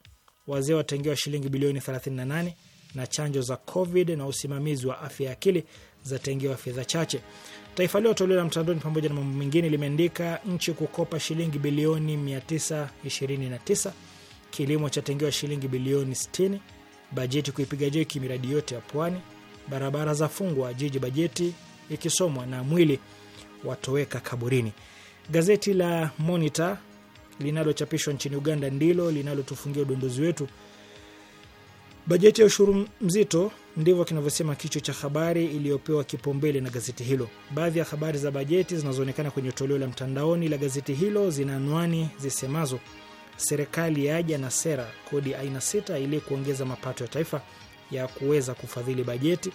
wazee watengewa shilingi bilioni 38, na chanjo za COVID na usimamizi wa afya ya akili zatengewa fedha chache. Taifa Leo toleo la mtandaoni, pamoja na mambo mengine, limeandika nchi kukopa shilingi bilioni 929, kilimo chatengewa shilingi bilioni 60, bajeti kuipiga jeki miradi yote ya pwani, barabara za fungwa, jiji bajeti ikisomwa na mwili watoweka kaburini. Gazeti la Monitor linalochapishwa nchini Uganda ndilo linalotufungia udondozi wetu. Bajeti ya ushuru mzito, ndivyo kinavyosema kichwa cha habari iliyopewa kipaumbele na gazeti hilo. Baadhi ya habari za bajeti zinazoonekana kwenye toleo la mtandaoni la gazeti hilo zina anwani zisemazo: serikali yaja na sera, kodi aina sita ili kuongeza mapato ya taifa, ya kuweza kufadhili bajeti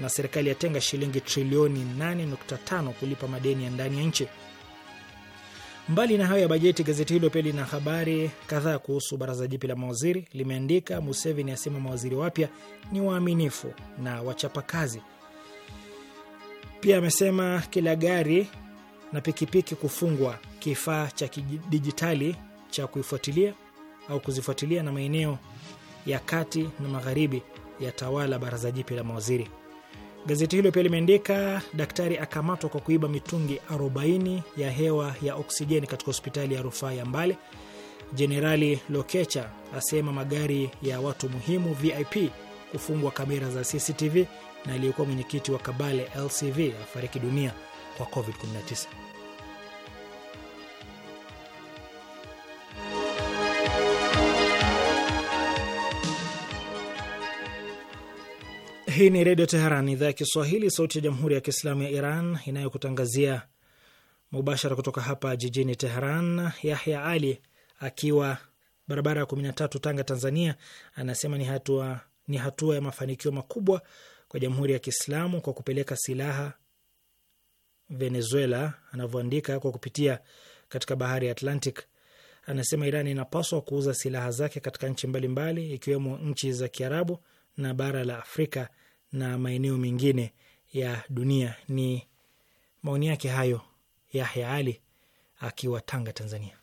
na serikali yatenga shilingi trilioni 8.5 kulipa madeni ya ndani ya nchi. Mbali na hayo ya bajeti, gazeti hilo pia lina habari kadhaa kuhusu baraza jipya la mawaziri. Limeandika Museveni asema mawaziri wapya ni waaminifu na wachapakazi. Pia amesema kila gari na pikipiki kufungwa kifaa cha kidijitali cha kuifuatilia au kuzifuatilia, na maeneo ya kati na magharibi yatawala baraza jipya la mawaziri. Gazeti hilo pia limeandika daktari akamatwa kwa kuiba mitungi 40 ya hewa ya oksijeni katika hospitali ya rufaa ya Mbale. Jenerali Lokecha asema magari ya watu muhimu VIP kufungwa kamera za CCTV, na aliyekuwa mwenyekiti wa Kabale LCV afariki dunia kwa COVID-19. Hii ni Redio Teheran, idhaa ya Kiswahili, sauti ya Jamhuri ya Kiislamu ya Iran, inayokutangazia mubashara kutoka hapa jijini Teheran. Yahya Ali akiwa barabara ya kumi na tatu, Tanga, Tanzania, anasema ni hatua, ni hatua ya mafanikio makubwa kwa Jamhuri ya Kiislamu kwa kupeleka silaha Venezuela, anavyoandika kwa kupitia katika bahari ya Atlantic. Anasema Iran inapaswa kuuza silaha zake katika nchi mbalimbali ikiwemo nchi za Kiarabu na bara la Afrika na maeneo mengine ya dunia. Ni maoni yake hayo Yahya Ali akiwa Tanga, Tanzania.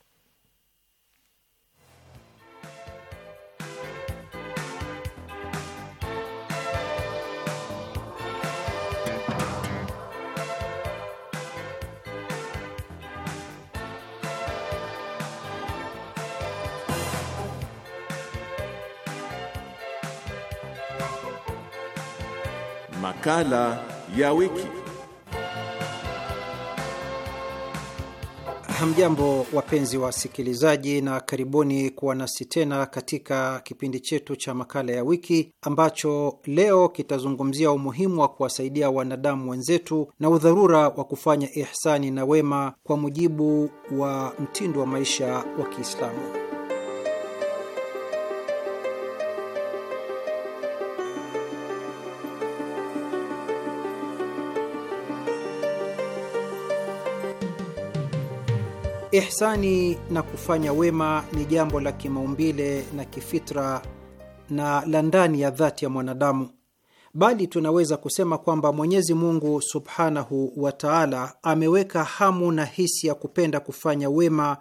Makala ya wiki. Hamjambo wapenzi wa wasikilizaji, na karibuni kuwa nasi tena katika kipindi chetu cha makala ya wiki ambacho leo kitazungumzia umuhimu wa kuwasaidia wanadamu wenzetu na udharura wa kufanya ihsani na wema kwa mujibu wa mtindo wa maisha wa Kiislamu. Ihsani na kufanya wema ni jambo la kimaumbile na kifitra na la ndani ya dhati ya mwanadamu, bali tunaweza kusema kwamba Mwenyezi Mungu subhanahu wa taala ameweka hamu na hisi ya kupenda kufanya wema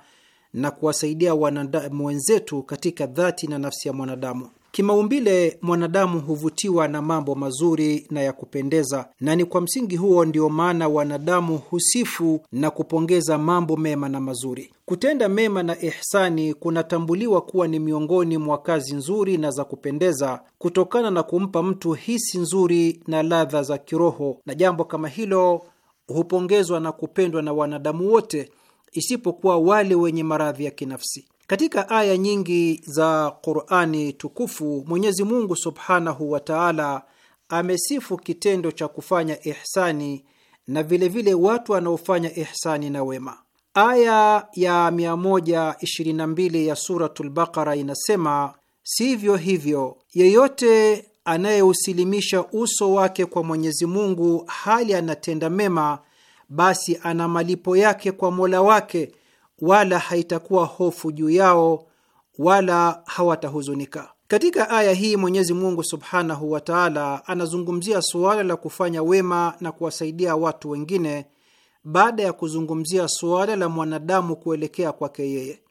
na kuwasaidia wanadamu wenzetu katika dhati na nafsi ya mwanadamu. Kimaumbile mwanadamu huvutiwa na mambo mazuri na ya kupendeza, na ni kwa msingi huo ndio maana wanadamu husifu na kupongeza mambo mema na mazuri. Kutenda mema na ihsani kunatambuliwa kuwa ni miongoni mwa kazi nzuri na za kupendeza kutokana na kumpa mtu hisi nzuri na ladha za kiroho, na jambo kama hilo hupongezwa na kupendwa na wanadamu wote isipokuwa wale wenye maradhi ya kinafsi. Katika aya nyingi za Qurani tukufu Mwenyezi Mungu subhanahu wa taala amesifu kitendo cha kufanya ihsani na vilevile vile watu wanaofanya ihsani na wema. Aya ya 122 ya Suratul Baqara inasema, sivyo hivyo, yeyote anayeusilimisha uso wake kwa Mwenyezi Mungu hali anatenda mema, basi ana malipo yake kwa Mola wake wala haitakuwa hofu juu yao wala hawatahuzunika. Katika aya hii Mwenyezi Mungu subhanahu wa taala anazungumzia suala la kufanya wema na kuwasaidia watu wengine baada ya kuzungumzia suala la mwanadamu kuelekea kwake yeye.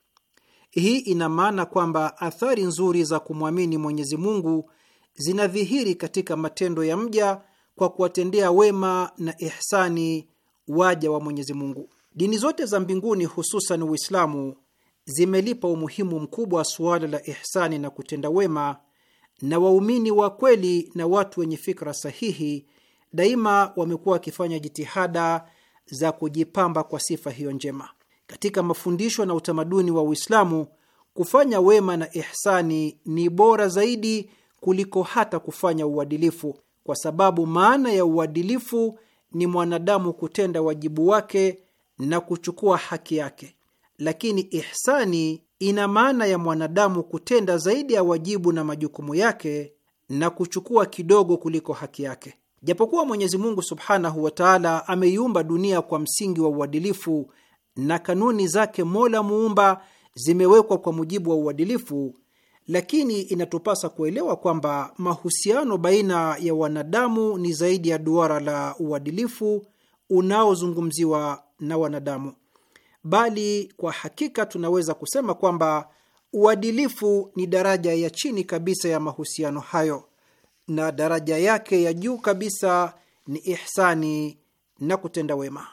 Hii ina maana kwamba athari nzuri za kumwamini Mwenyezi Mungu zinadhihiri katika matendo ya mja kwa kuwatendea wema na ihsani waja wa Mwenyezi Mungu. Dini zote za mbinguni, hususan Uislamu, zimelipa umuhimu mkubwa suala la ihsani na kutenda wema, na waumini wa kweli na watu wenye fikra sahihi daima wamekuwa wakifanya jitihada za kujipamba kwa sifa hiyo njema. Katika mafundisho na utamaduni wa Uislamu, kufanya wema na ihsani ni bora zaidi kuliko hata kufanya uadilifu, kwa sababu maana ya uadilifu ni mwanadamu kutenda wajibu wake na kuchukua haki yake, lakini ihsani ina maana ya mwanadamu kutenda zaidi ya wajibu na majukumu yake na kuchukua kidogo kuliko haki yake. Japokuwa Mwenyezi Mungu subhanahu wa taala ameiumba dunia kwa msingi wa uadilifu na kanuni zake Mola muumba zimewekwa kwa mujibu wa uadilifu, lakini inatupasa kuelewa kwamba mahusiano baina ya wanadamu ni zaidi ya duara la uadilifu unaozungumziwa na wanadamu, bali kwa hakika tunaweza kusema kwamba uadilifu ni daraja ya chini kabisa ya mahusiano hayo na daraja yake ya juu kabisa ni ihsani na kutenda wema.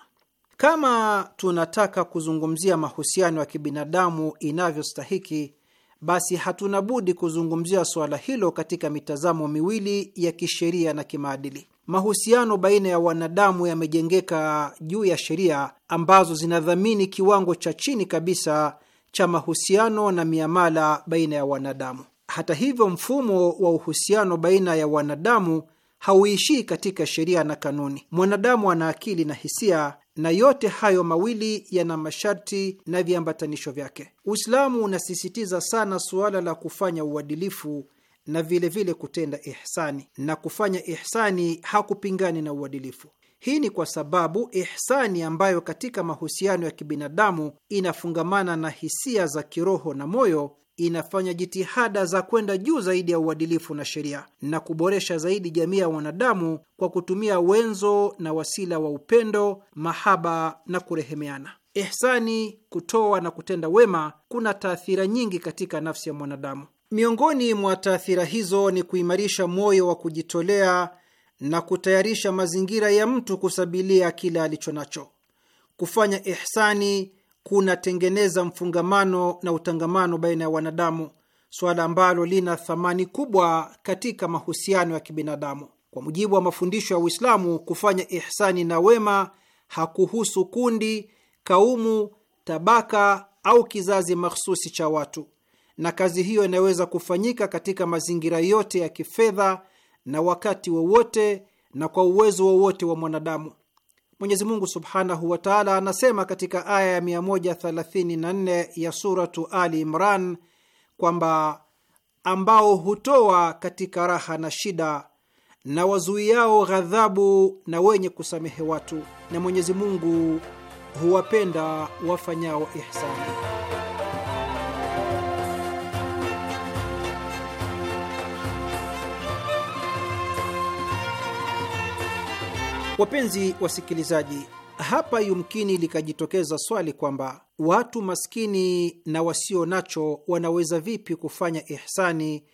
Kama tunataka kuzungumzia mahusiano ya kibinadamu inavyostahiki, basi hatuna budi kuzungumzia suala hilo katika mitazamo miwili ya kisheria na kimaadili mahusiano baina ya wanadamu yamejengeka juu ya sheria ambazo zinadhamini kiwango cha chini kabisa cha mahusiano na miamala baina ya wanadamu. Hata hivyo, mfumo wa uhusiano baina ya wanadamu hauishii katika sheria na kanuni. Mwanadamu ana akili na hisia, na yote hayo mawili yana masharti na viambatanisho vyake. Uislamu unasisitiza sana suala la kufanya uadilifu na vilevile vile kutenda ihsani, na kufanya ihsani hakupingani na uadilifu. Hii ni kwa sababu ihsani ambayo katika mahusiano ya kibinadamu inafungamana na hisia za kiroho na moyo inafanya jitihada za kwenda juu zaidi ya uadilifu na sheria na kuboresha zaidi jamii ya wanadamu kwa kutumia wenzo na wasila wa upendo, mahaba na kurehemeana. Ihsani, kutoa na kutenda wema kuna taathira nyingi katika nafsi ya mwanadamu. Miongoni mwa taathira hizo ni kuimarisha moyo wa kujitolea na kutayarisha mazingira ya mtu kusabilia kila alicho nacho. Kufanya ihsani kunatengeneza mfungamano na utangamano baina ya wanadamu, suala ambalo lina thamani kubwa katika mahusiano ya kibinadamu. Kwa mujibu wa mafundisho ya Uislamu, kufanya ihsani na wema hakuhusu kundi, kaumu, tabaka au kizazi mahsusi cha watu na kazi hiyo inaweza kufanyika katika mazingira yote ya kifedha na wakati wowote wa na kwa uwezo wowote wa, wa mwanadamu. Mwenyezi Mungu subhanahu wa taala anasema katika aya ya 134 ya Suratu Ali Imran kwamba ambao hutoa katika raha na shida na wazuiao ghadhabu na wenye kusamehe watu, na Mwenyezi Mungu huwapenda wafanyao ihsani. Wapenzi wasikilizaji, hapa yumkini likajitokeza swali kwamba watu maskini na wasio nacho wanaweza vipi kufanya ihsani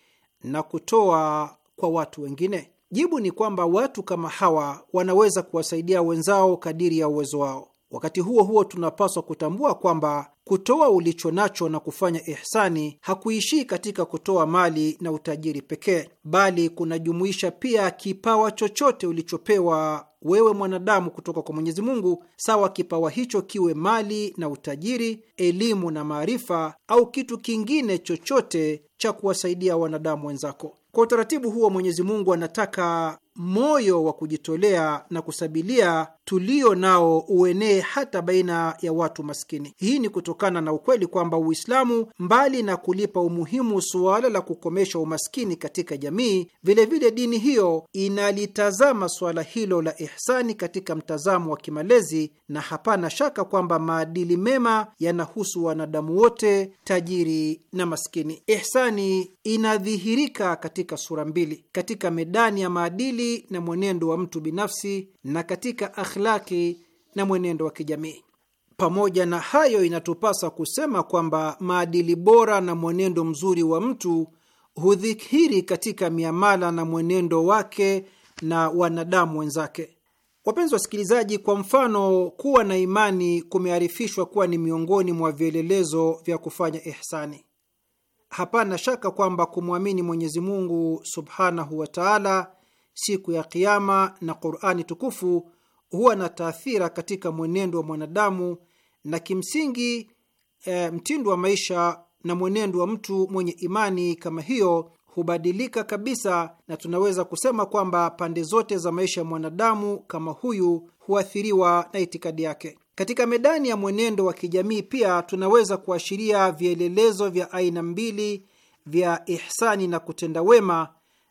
na kutoa kwa watu wengine? Jibu ni kwamba watu kama hawa wanaweza kuwasaidia wenzao kadiri ya uwezo wao. Wakati huo huo, tunapaswa kutambua kwamba kutoa ulicho nacho na kufanya ihsani hakuishii katika kutoa mali na utajiri pekee, bali kunajumuisha pia kipawa chochote ulichopewa wewe mwanadamu kutoka kwa Mwenyezi Mungu, sawa kipawa hicho kiwe mali na utajiri, elimu na maarifa, au kitu kingine chochote cha kuwasaidia wanadamu wenzako. Kwa utaratibu huo Mwenyezi Mungu anataka moyo wa kujitolea na kusabilia tulio nao uenee hata baina ya watu maskini. Hii ni kutokana na ukweli kwamba Uislamu, mbali na kulipa umuhimu suala la kukomesha umaskini katika jamii, vilevile vile dini hiyo inalitazama suala hilo la ihsani katika mtazamo wa kimalezi, na hapana shaka kwamba maadili mema yanahusu wanadamu wote, tajiri na maskini. Ihsani inadhihirika katika sura mbili, katika medani ya maadili maadili na mwenendo wa mtu binafsi na katika akhlaki na mwenendo wa kijamii. Pamoja na hayo, inatupasa kusema kwamba maadili bora na mwenendo mzuri wa mtu hudhihiri katika miamala na mwenendo wake na wanadamu wenzake. Wapenzi wasikilizaji, kwa mfano, kuwa na imani kumearifishwa kuwa ni miongoni mwa vielelezo vya kufanya ihsani. Hapana shaka kwamba kumwamini Mwenyezi Mungu subhanahu wa taala siku ya Kiama na Qurani tukufu huwa na taathira katika mwenendo wa mwanadamu na kimsingi, e, mtindo wa maisha na mwenendo wa mtu mwenye imani kama hiyo hubadilika kabisa, na tunaweza kusema kwamba pande zote za maisha ya mwanadamu kama huyu huathiriwa na itikadi yake. Katika medani ya mwenendo wa kijamii pia tunaweza kuashiria vielelezo vya aina mbili vya ihsani na kutenda wema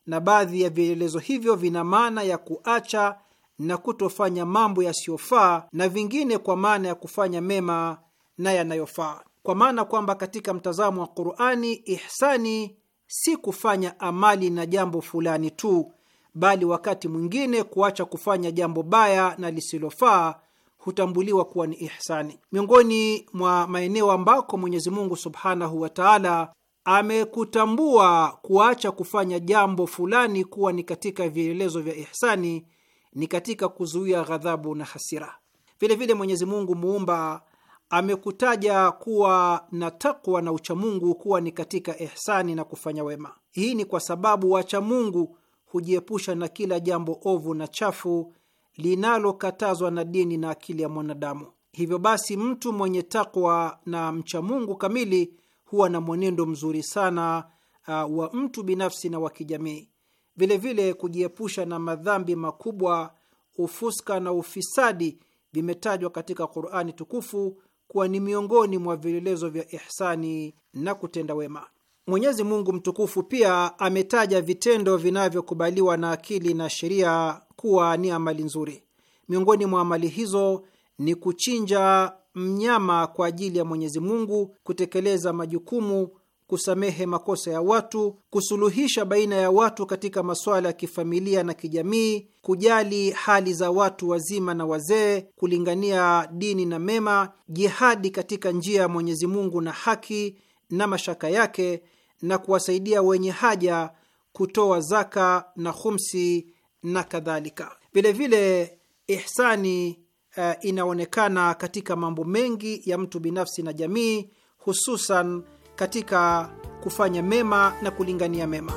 na baadhi ya vielelezo hivyo vina maana ya kuacha na kutofanya mambo yasiyofaa na vingine kwa maana ya kufanya mema na yanayofaa, kwa maana kwamba katika mtazamo wa Qur'ani, ihsani si kufanya amali na jambo fulani tu, bali wakati mwingine kuacha kufanya jambo baya na lisilofaa hutambuliwa kuwa ni ihsani. Miongoni mwa maeneo ambako Mwenyezi Mungu Subhanahu wa Ta'ala amekutambua kuacha kufanya jambo fulani kuwa ni katika vielelezo vya ihsani ni katika kuzuia ghadhabu na hasira. Vilevile Mwenyezi Mungu muumba amekutaja kuwa na takwa na uchamungu kuwa ni katika ihsani na kufanya wema. Hii ni kwa sababu wachamungu hujiepusha na kila jambo ovu na chafu linalokatazwa na dini na akili ya mwanadamu. Hivyo basi, mtu mwenye takwa na mchamungu kamili huwa na mwenendo mzuri sana uh, wa mtu binafsi na wa kijamii. Vilevile, kujiepusha na madhambi makubwa, ufuska na ufisadi vimetajwa katika Qur'ani tukufu kuwa ni miongoni mwa vielelezo vya ihsani na kutenda wema. Mwenyezi Mungu mtukufu pia ametaja vitendo vinavyokubaliwa na akili na sheria kuwa ni amali nzuri. Miongoni mwa amali hizo ni kuchinja mnyama kwa ajili ya Mwenyezi Mungu, kutekeleza majukumu, kusamehe makosa ya watu, kusuluhisha baina ya watu katika masuala ya kifamilia na kijamii, kujali hali za watu wazima na wazee, kulingania dini na mema, jihadi katika njia ya Mwenyezi Mungu na haki na mashaka yake, na kuwasaidia wenye haja, kutoa zaka na khumsi na kadhalika. Vilevile ihsani uh, inaonekana katika mambo mengi ya mtu binafsi na jamii, hususan katika kufanya mema na kulingania mema.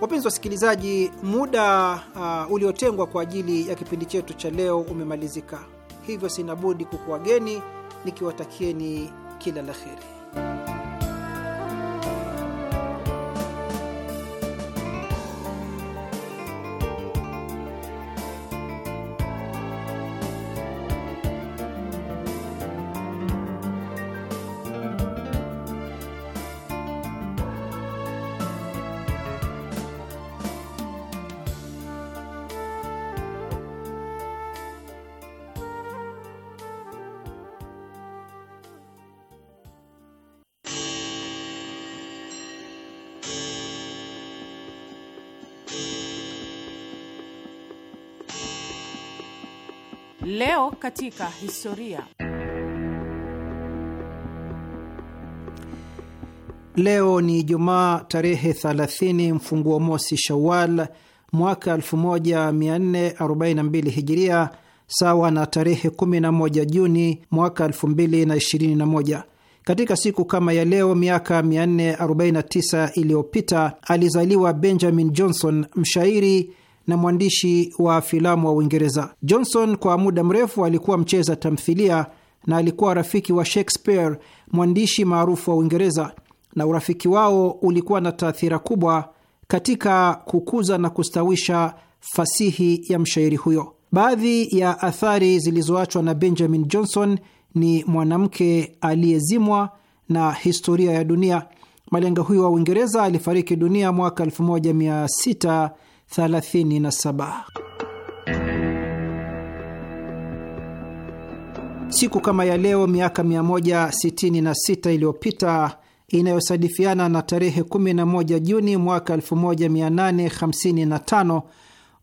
Wapenzi wasikilizaji, muda uh, uliotengwa kwa ajili ya kipindi chetu cha leo umemalizika, hivyo sina budi kukuwageni nikiwatakieni kila la heri. Leo katika historia. Leo ni Ijumaa tarehe 30 mfunguo mosi Shawal mwaka 1442 Hijiria, sawa na tarehe 11 Juni mwaka 2021. Katika siku kama ya leo miaka 449 iliyopita alizaliwa Benjamin Johnson, mshairi na mwandishi wa filamu wa Uingereza. Johnson kwa muda mrefu alikuwa mcheza tamthilia na alikuwa rafiki wa Shakespeare, mwandishi maarufu wa Uingereza, na urafiki wao ulikuwa na taathira kubwa katika kukuza na kustawisha fasihi ya mshairi huyo. Baadhi ya athari zilizoachwa na Benjamin Johnson ni Mwanamke Aliyezimwa na Historia ya Dunia. Malenga huyo wa Uingereza alifariki dunia mwaka 1600 37. Siku kama ya leo miaka 166 iliyopita inayosadifiana na tarehe 11 Juni mwaka 1855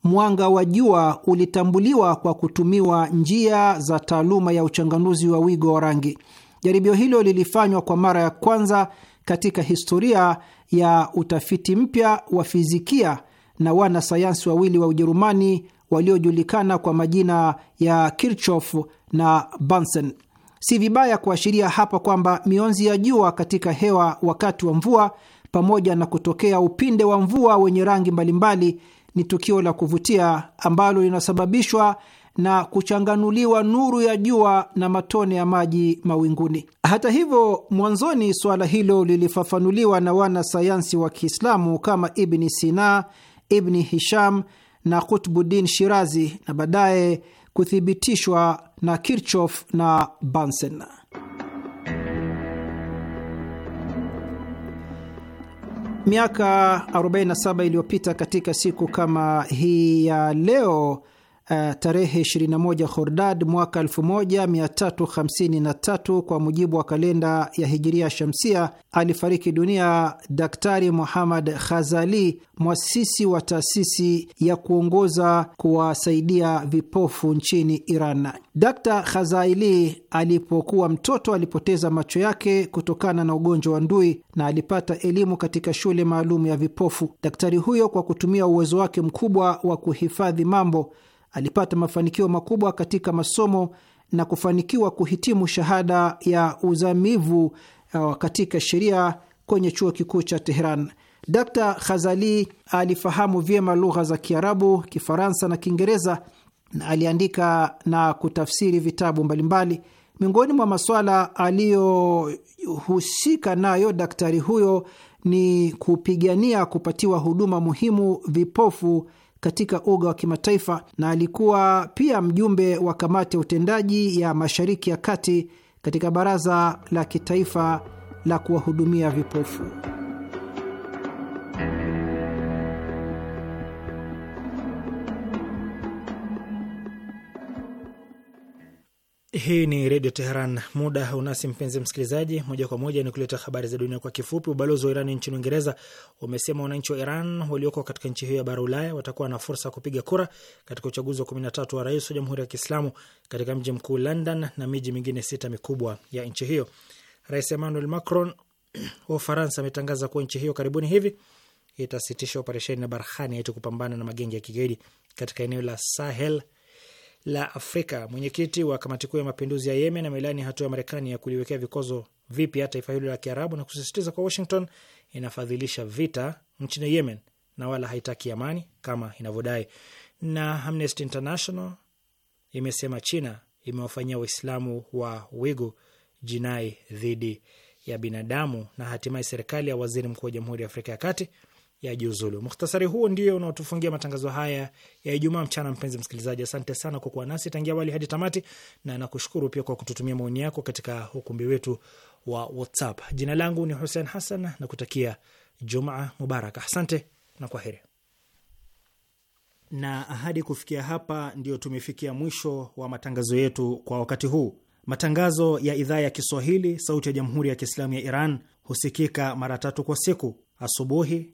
mwanga wa jua ulitambuliwa kwa kutumiwa njia za taaluma ya uchanganuzi wa wigo wa rangi. Jaribio hilo lilifanywa kwa mara ya kwanza katika historia ya utafiti mpya wa fizikia na wanasayansi wawili wa Ujerumani waliojulikana kwa majina ya Kirchhoff na Bunsen. Si vibaya kuashiria hapa kwamba mionzi ya jua katika hewa wakati wa mvua pamoja na kutokea upinde wa mvua wenye rangi mbalimbali ni tukio la kuvutia ambalo linasababishwa na kuchanganuliwa nuru ya jua na matone ya maji mawinguni. Hata hivyo, mwanzoni suala hilo lilifafanuliwa na wanasayansi wa Kiislamu kama Ibni Sina Ibni Hisham na Kutbuddin Shirazi na baadaye kuthibitishwa na Kirchof na Bansen. Miaka 47 iliyopita katika siku kama hii ya leo uh, tarehe 21 Khordad mwaka 1353 kwa mujibu wa kalenda ya Hijiria Shamsia, alifariki dunia Daktari Muhammad Khazali, mwasisi wa taasisi ya kuongoza kuwasaidia vipofu nchini Iran. Dakta Khazaili alipokuwa mtoto alipoteza macho yake kutokana na ugonjwa wa ndui na alipata elimu katika shule maalum ya vipofu. Daktari huyo kwa kutumia uwezo wake mkubwa wa kuhifadhi mambo Alipata mafanikio makubwa katika masomo na kufanikiwa kuhitimu shahada ya uzamivu uh, katika sheria kwenye chuo kikuu cha Teheran. Dr Khazali alifahamu vyema lugha za Kiarabu, Kifaransa na Kiingereza na aliandika na kutafsiri vitabu mbalimbali. Miongoni mwa masuala aliyohusika nayo daktari huyo ni kupigania kupatiwa huduma muhimu vipofu katika uga wa kimataifa na alikuwa pia mjumbe wa kamati ya utendaji ya Mashariki ya Kati katika baraza la kitaifa la kuwahudumia vipofu. Hii ni Redio Teheran. Muda unasi mpenzi msikilizaji, moja kwa moja ni kuleta habari za dunia kwa kifupi. Ubalozi wa Iran nchini Uingereza umesema wananchi wa Iran walioko katika nchi hiyo ya bara Ulaya watakuwa na fursa ya kupiga kura katika uchaguzi wa 13 wa rais wa Jamhuri ya Kiislamu katika mji mkuu London na miji mingine sita mikubwa ya nchi hiyo. Rais Emmanuel Macron wa Ufaransa ametangaza kuwa nchi hiyo karibuni hivi itasitisha operesheni na barhani yaitu kupambana na magenge ya kigaidi katika eneo la Sahel la Afrika. Mwenyekiti wa kamati kuu ya mapinduzi ya Yemen amelaani hatua ya Marekani ya kuliwekea vikwazo vipya taifa hilo la Kiarabu na kusisitiza kwa Washington inafadhilisha vita nchini Yemen na wala haitaki amani kama inavyodai. Na Amnesty International imesema China imewafanyia Waislamu wa wigu jinai dhidi ya binadamu. Na hatimaye serikali ya waziri mkuu wa Jamhuri ya Afrika ya Kati ya juzulu. Mukhtasari huo ndio unaotufungia matangazo haya ya Ijumaa mchana. Mpenzi msikilizaji, asante sana kwa kuwa nasi tangia awali hadi tamati, na nakushukuru pia kwa kututumia maoni yako katika ukumbi wetu wa WhatsApp. Jina langu ni Hussein Hassan na kutakia Jumaa mubaraka. Asante na kwa heri. Na ahadi kufikia hapa, ndio tumefikia mwisho wa matangazo yetu kwa wakati huu. Matangazo ya idhaa ya Kiswahili, Sauti ya Jamhuri ya Kiislamu ya Iran husikika mara tatu kwa siku: asubuhi